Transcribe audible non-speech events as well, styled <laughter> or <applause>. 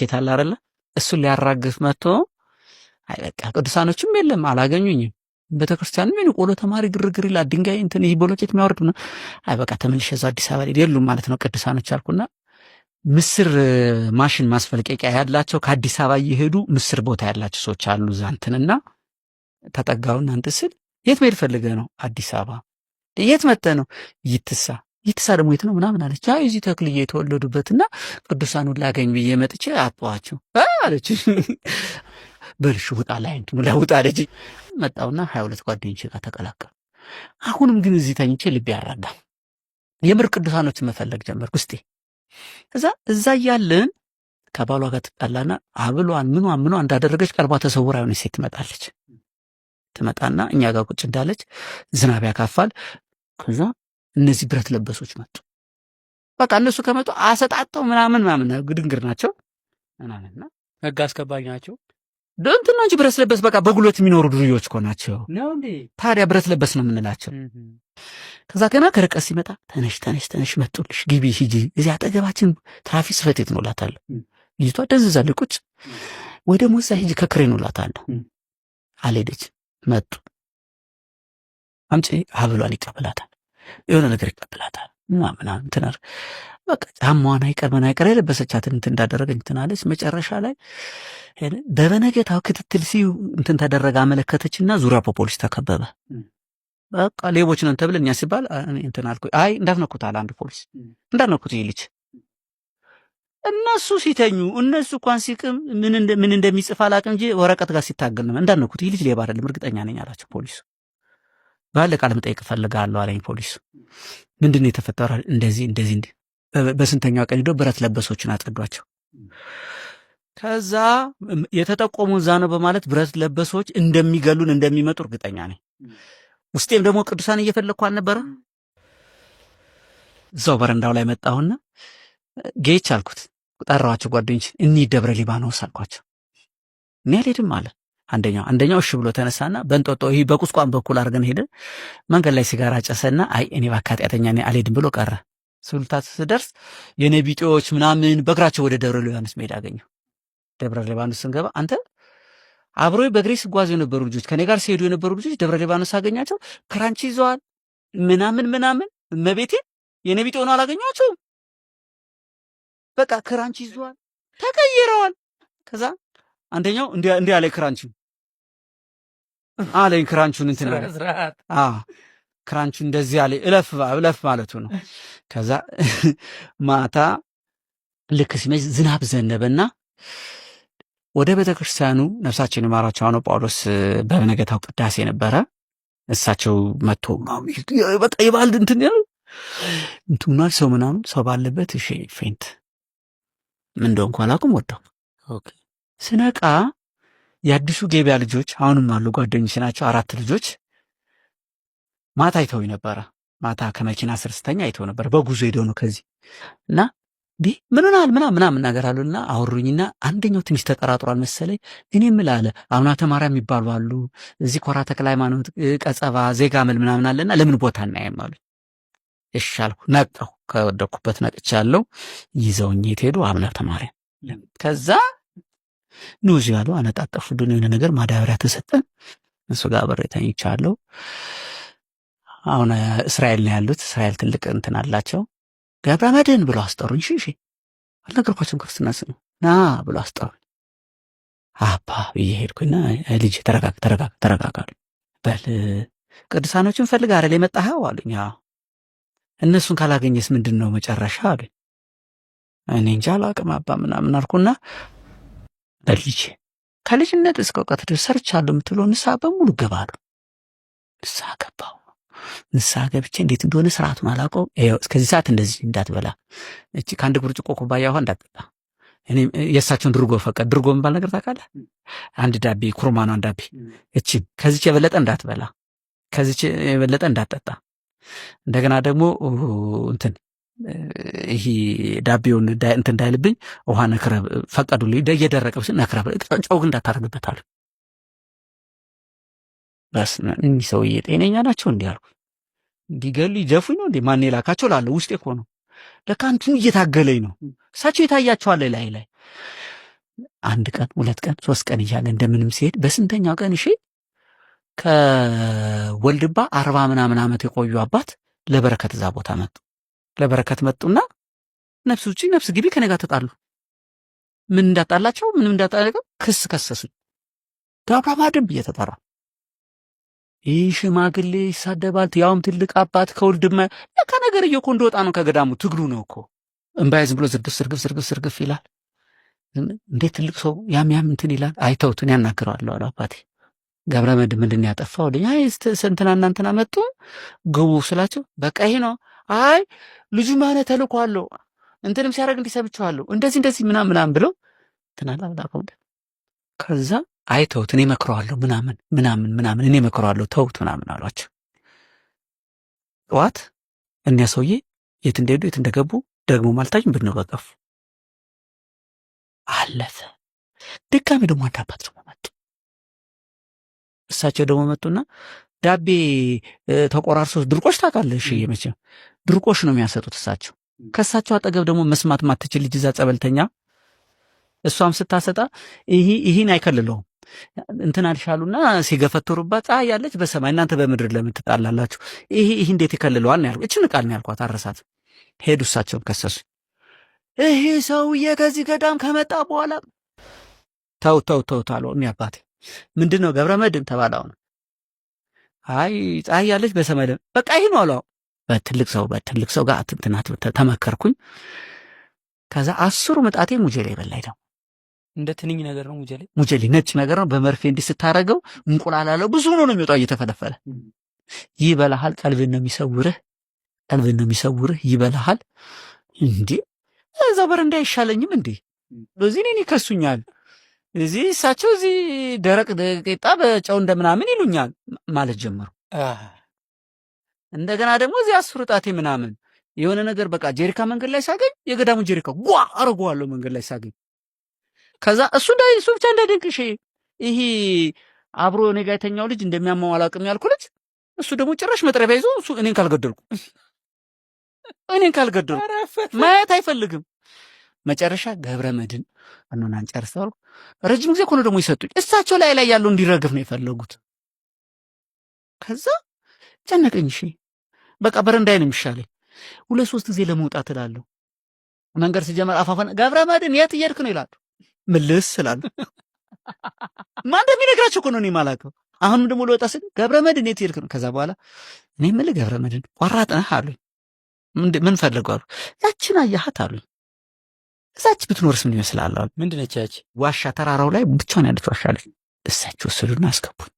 ስኬት አለ አይደለ? እሱን ሊያራግፍ መጥቶ አይ በቃ ቅዱሳኖችም የለም አላገኙኝም፣ ቤተክርስቲያን ምን ቆሎ ተማሪ ግርግር ይላ ድንጋይ እንትን ይህ ቦሎኬት የሚያወርድ ነው። አይ በቃ ተመልሼ እዛው አዲስ አበባ ሄድ የሉም ማለት ነው ቅዱሳኖች አልኩና ምስር ማሽን ማስፈልቀቂያ ያላቸው ከአዲስ አበባ እየሄዱ ምስር ቦታ ያላቸው ሰዎች አሉ። ዛንትንና እንትንና ተጠጋውና እንትን ስል የት መሄድ ፈልገ ነው? አዲስ አበባ። የት መጠ ነው? ይትሳ የተሳለም የት ነው ምናምን አለች። አይ እዚህ ተክልዬ የተወለዱበትና ቅዱሳኑን ላገኝ ብዬ መጥቼ አጠዋቸው አለች። <laughs> በልሽ ውጣ ላይ እንትኑ ለውጣ ውጣ አለች። መጣውና ሀያ ሁለት ጓደኞች ጋር ተቀላቀሉ። አሁንም ግን እዚህ ተኝቼ ልቤ ያራጋ የምር ቅዱሳኖች መፈለግ ጀመርኩ ውስጤ። እዛ እዛ እያለን ከባሏ ጋር ትጣላና አብሏን ምኗ ምኗ እንዳደረገች ቀርባ ተሰውራ የሆነ ሴት ትመጣለች። ትመጣና እኛ ጋር ቁጭ እንዳለች ዝናብ ያካፋል። ከዛ እነዚህ ብረት ለበሶች መጡ። በቃ እነሱ ከመጡ አሰጣጠው ምናምን ምናምን ግድንግር ናቸው ምናምንና ህግ አስከባኝ ናቸው። እንትና እንጂ ብረት ለበስ በቃ በጉልበት የሚኖሩ ዱርዮች እኮ ናቸው። ታዲያ ብረት ለበስ ነው የምንላቸው። ከዛ ገና ከርቀት ሲመጣ ተነሽ ተነሽ ተነሽ መጡልሽ፣ ግቢ ሂጂ፣ እዚህ አጠገባችን ትራፊክ ጽሕፈት ቤት ነው እላታለሁ። ልጅቷ ደንዝዛለች። ቁጭ ወይ ደግሞ እዛ ሂጂ ከክሬን እላታለሁ። አልሄደች። መጡ አምጪ ሀብሏን ይቀበላታል። የሆነ ነገር ይቀብላታል ምናምን ትነር በቃ አይቀር ምን አይቀር የለበሰቻትን እንትን እንዳደረገ እንትናለች። መጨረሻ ላይ በበነገታው ክትትል ሲዩ እንትን ተደረገ አመለከተች አመለከተችና ዙሪያ በፖሊስ ተከበበ። በቃ ሌቦች ነን ተብለን እኛ ሲባል እንትን አልኩኝ። አይ እንዳትነኩት አለ አንዱ ፖሊስ እንዳትነኩት ይልች እነሱ ሲተኙ እነሱ እንኳን ሲቅም ምን እንደሚጽፍ አላቅም እንጂ ወረቀት ጋር ሲታገል ነው እንዳትነኩት ይልች ሌባ አይደለም እርግጠኛ ነኝ አላቸው ፖሊሱ። ባለ ቃል መጠየቅ እፈልጋለሁ አለኝ ፖሊሱ። ምንድን ነው የተፈጠረ? እንደዚህ እንደዚህ። በስንተኛው ቀን ሄዶ ብረት ለበሶችን አጠዷቸው። ከዛ የተጠቆሙ እዛ ነው በማለት ብረት ለበሶች እንደሚገሉን እንደሚመጡ እርግጠኛ ነኝ። ውስጤም ደግሞ ቅዱሳን እየፈለግኩ አልነበረ። እዛው በረንዳው ላይ መጣሁና ጌች አልኩት። ጠራኋቸው ጓደኞች፣ እንሂድ ደብረ ሊባኖስ አልኳቸው። እኔ አልሄድም አለ አንደኛው አንደኛው እሺ ብሎ ተነሳና በእንጦጦ ይህ በቁስቋም በኩል አድርገን ሄደ። መንገድ ላይ ሲጋራ ጨሰና አይ እኔ ባካጢያተኛ እኔ አልሄድም ብሎ ቀረ። ስሉልታ ስደርስ የኔ ቢጤዎች ምናምን በእግራቸው ወደ ደብረ ሊባኖስ መሄድ አገኘሁ። ደብረ ሊባኖስ ስንገባ አንተ አብሮ በእግሬ ስጓዙ የነበሩ ልጆች ከኔ ጋር ሲሄዱ የነበሩ ልጆች ደብረ ሊባኖስ አገኛቸው። ክራንች ይዘዋል ምናምን ምናምን እመቤቴ የኔ ቢጤ ሆነው አላገኘኋቸውም። በቃ ክራንች ይዘዋል ተቀይረዋል። ከዛ አንደኛው እንዲህ አለ ክራንችን አለኝ። ክራንቹን እንትን ክራንቹ እንደዚህ አለ እለፍ እለፍ ማለቱ ነው። ከዛ <laughs> ማታ ልክ ሲመሽ ዝናብ ዘነበና ወደ ቤተ ክርስቲያኑ ነፍሳቸውን ይማራቸው አቡነ ጳውሎስ በነገታው ቅዳሴ ነበረ። እሳቸው መጥቶ በቃ የባልድ እንትን ያል እንትናል ሰው ምናምን ሰው ባለበት እሺ ፌንት ምን እንደሆንኩ አላውቅም። ወደው ስነቃ የአዲሱ ገበያ ልጆች አሁንም አሉ፣ ጓደኞች ናቸው። አራት ልጆች ማታ አይተው ነበረ። ማታ ከመኪና ስር ስተኛ አይተው ነበረ። በጉዞ ሄደው ነው ከዚህ እና ዲህ ምን ሆናል ምናምን ምናምን ነገር አሉና አወሩኝና፣ አንደኛው ትንሽ ተጠራጥሯል መሰለኝ። እኔ ምን አለ አቡናተ ማርያም የሚባሉ አሉ እዚህ ኮራ ተክለ ሃይማኖት፣ ቀጸባ፣ ዜጋ ምል ምናምን አለና ለምን ቦታ እናያም አሉ። እሺ አልኩ። ከወደኩበት ነቅቻለሁ። ይዘውኝ የት ሄዱ? አቡናተ ማርያም። ከዛ ነው እዚህ ያሉ አነጣጠፉልን የሆነ ነገር ማዳበሪያ ተሰጠን። እሱ ጋር አብሬ ተኝቻለሁ። አሁን እስራኤል ነው ያሉት። እስራኤል ትልቅ እንትን አላቸው። ገብረ መድህን ብሎ አስጠሩኝ። እሺ እሺ አልነገርኳቸውም። ክርስትና ስሙ ና ብሎ አስጠሩኝ። አባ ብዬ ሄድኩና ልጅ ተረጋግ ተረጋግ ተረጋጋሉ በል ቅዱሳኖችን ፈልግ አለ የመጣኸው አሉኝ። እነሱን ካላገኘስ ምንድን ነው መጨረሻ አሉኝ። እኔ እንጃ አላቅም አባ ምናምን አልኩና በልጄ ከልጅነት እስከ እውቀት ድረስ ሰርቻለሁ የምትለው ንስሐ በሙሉ ገባ ነው። ንስሐ ገባው ንስሐ ገብቼ እንዴት እንደሆነ ስርዓቱን አላውቀውም። እስከዚህ ሰዓት እንደዚህ እንዳትበላ፣ ከአንድ ብርጭቆ ኩባያ ውሃ እንዳትጠጣ፣ እኔም የእሳቸውን ድርጎ ፈቀድ ድርጎ የሚባል ነገር ታውቃለህ? አንድ ዳቤ ኩርማኗን ዳቤ እቺን ከዚች የበለጠ እንዳትበላ፣ ከዚች የበለጠ እንዳትጠጣ፣ እንደገና ደግሞ እንትን ይሄ ዳቤውን እንትን እንዳይልብኝ ውሃ ነክረህ ፈቀዱልኝ። እየደረቀ ብስ ነክረህ ጨው እንዳታረግበት አሉ። በስ እኚህ ሰውዬ ጤነኛ ናቸው? እንዲህ አልኩ። እንዲገሉ ይጀፉኝ ነው እንዴ? ማን የላካቸው ላለሁ ውስጤ እኮ ነው። ለካ እንትኑ እየታገለኝ ነው። እሳቸው የታያቸዋለ ላይ ላይ አንድ ቀን ሁለት ቀን ሶስት ቀን እያለ እንደምንም ሲሄድ በስንተኛው ቀን እሺ ከወልድባ አርባ ምናምን ዓመት የቆዩ አባት ለበረከት እዛ ቦታ መጡ። ለበረከት መጡና ነፍስ ውጪ ነፍስ ግቢ ከኔ ጋር ተጣሉ። ምን እንዳጣላቸው ምንም እንዳጣላቸው ክስ ከሰሱ። ዳብራ ማድም ብዬ ተጠራ። ይህ ሽማግሌ ይሳደባል፣ ያውም ትልቅ አባት ከወልድማ ለካ ነገር እየኮ እንደወጣ ነው ከገዳሙ ትግሉ ነው እኮ እምባዬ ዝም ብሎ ዝርግፍ ዝርግፍ ዝርግፍ ዝርግፍ ይላል። እንዴት ትልቅ ሰው ያም ያም እንትን ይላል። አይተውትን ያናግረዋለሁ አሉ አባቴ ገብረ መድኅን ምንድን ያጠፋው ልኛ ስንትና እናንትና መጡ ግቡ ስላቸው በቃ ይሄ ነው አይ ልጁ ማነ አለው እንትንም ሲያደርግ እንዲሰብችኋለሁ እንደዚህ እንደዚህ ምናም ምናም ብለው ትናላ ከዛ ተውት እኔ መክረዋለሁ ምናምን ምናምን ምናምን እኔ መክረዋለሁ ተውት ምናምን አሏቸው። ጠዋት እኒያ ሰውዬ የት እንደሄዱ የት እንደገቡ ደግሞ ማልታችን ብድነው አለፈ። ድጋሜ ደግሞ አንድ አባት ደግሞ መጡ። እሳቸው ደግሞ መጡና ዳቤ ተቆራርሶ ድርቆሽ ታውቃለህ? እሺ መቼም ድርቆሽ ነው የሚያሰጡት እሳቸው። ከእሳቸው አጠገብ ደግሞ መስማት ማትችል ልጅ እዛ ጸበልተኛ፣ እሷም ስታሰጣ ይህን አይከልለውም እንትን አልሻሉና ሲገፈትሩባት ፀሐይ ያለች በሰማይ እናንተ በምድር ለምትጣላላችሁ ይሄ ይህ እንዴት ይከልለዋል? ያልኩ እችን ቃል ነው ያልኳት። አረሳት ሄዱ፣ እሳቸውን ከሰሱ። ይሄ ሰውዬ ከዚህ ገዳም ከመጣ በኋላ ተው ተው ተው ታለ አባቴ ምንድን ነው ገብረ መድን ተባላው ነው አይ ፀሐይ ያለች በሰማይ ደም በቃ ይሄ ነው አሉ። በትልቅ ሰው በትልቅ ሰው ጋር ትንትናት ተመከርኩኝ። ከዛ አስሩ ምጣቴ ሙጀሌ በላይ ነው። እንደ ትንኝ ነገር ነው ሙጀሌ። ሙጀሌ ነጭ ነገር ነው። በመርፌ እንዲህ ስታረገው እንቁላል አለው ብዙ ነው ነው የሚወጣው እየተፈለፈለ ይበላሃል። ቀልብን ነው የሚሰውርህ፣ ቀልብን ነው የሚሰውርህ። ይበላሃል። እንዲህ እዛው በረንዳ አይሻለኝም እንዴ? በዚህ እኔን ይከሱኛል። እዚህ እሳቸው እዚህ ደረቅ ቂጣ በጨው እንደምናምን ይሉኛል። ማለት ጀመሩ። እንደገና ደግሞ እዚህ አስሩ ጣቴ ምናምን የሆነ ነገር በቃ ጀሪካ መንገድ ላይ ሳገኝ የገዳሙን ጀሪካ ጓ አረገዋለሁ መንገድ ላይ ሳገኝ። ከዛ እሱ እንዳይ እሱ ብቻ እንዳይደንቅሽ ይሄ አብሮ እኔ ጋ የተኛው ልጅ እንደሚያማው አላውቅም ያልኩ ልጅ እሱ ደግሞ ጭራሽ መጥረቢያ ይዞ እሱ እኔን ካልገደልኩ <laughs> እኔን ካልገደልኩ ማየት አይፈልግም። መጨረሻ ገብረ መድን እኖናን ጨርሰዋል። ረጅም ጊዜ ኮኖ ደግሞ ይሰጡኝ። እሳቸው ላይ ላይ ያለው እንዲረግፍ ነው የፈለጉት። ከዛ ጨነቀኝ። እሺ በቃ በረንዳይ ነው የሚሻለኝ። ሁለት ሶስት ጊዜ ለመውጣት እላለሁ። መንገድ ሲጀመር አፋፈን ገብረ መድን የት እየሄድክ ነው ይላሉ። ምልስ ስላሉ ማን እንደሚነግራቸው እኮ ነው እኔ የማላውቀው። አሁንም ደግሞ ለወጣ ስል ገብረ መድን የት እየሄድክ ነው? ከዛ በኋላ እኔ ምል ገብረ መድን ቆራጥ ነህ አሉኝ። ምን ፈለጉ አሉ። ያችን አያሃት አሉኝ። እዛች ብትኖርስ ምን ይመስላል አሉ። ምንድነች ያች? ዋሻ ተራራው ላይ ብቻዋን ያለች ዋሻ አለች። እሳቸው ወሰዱና አስገቡን።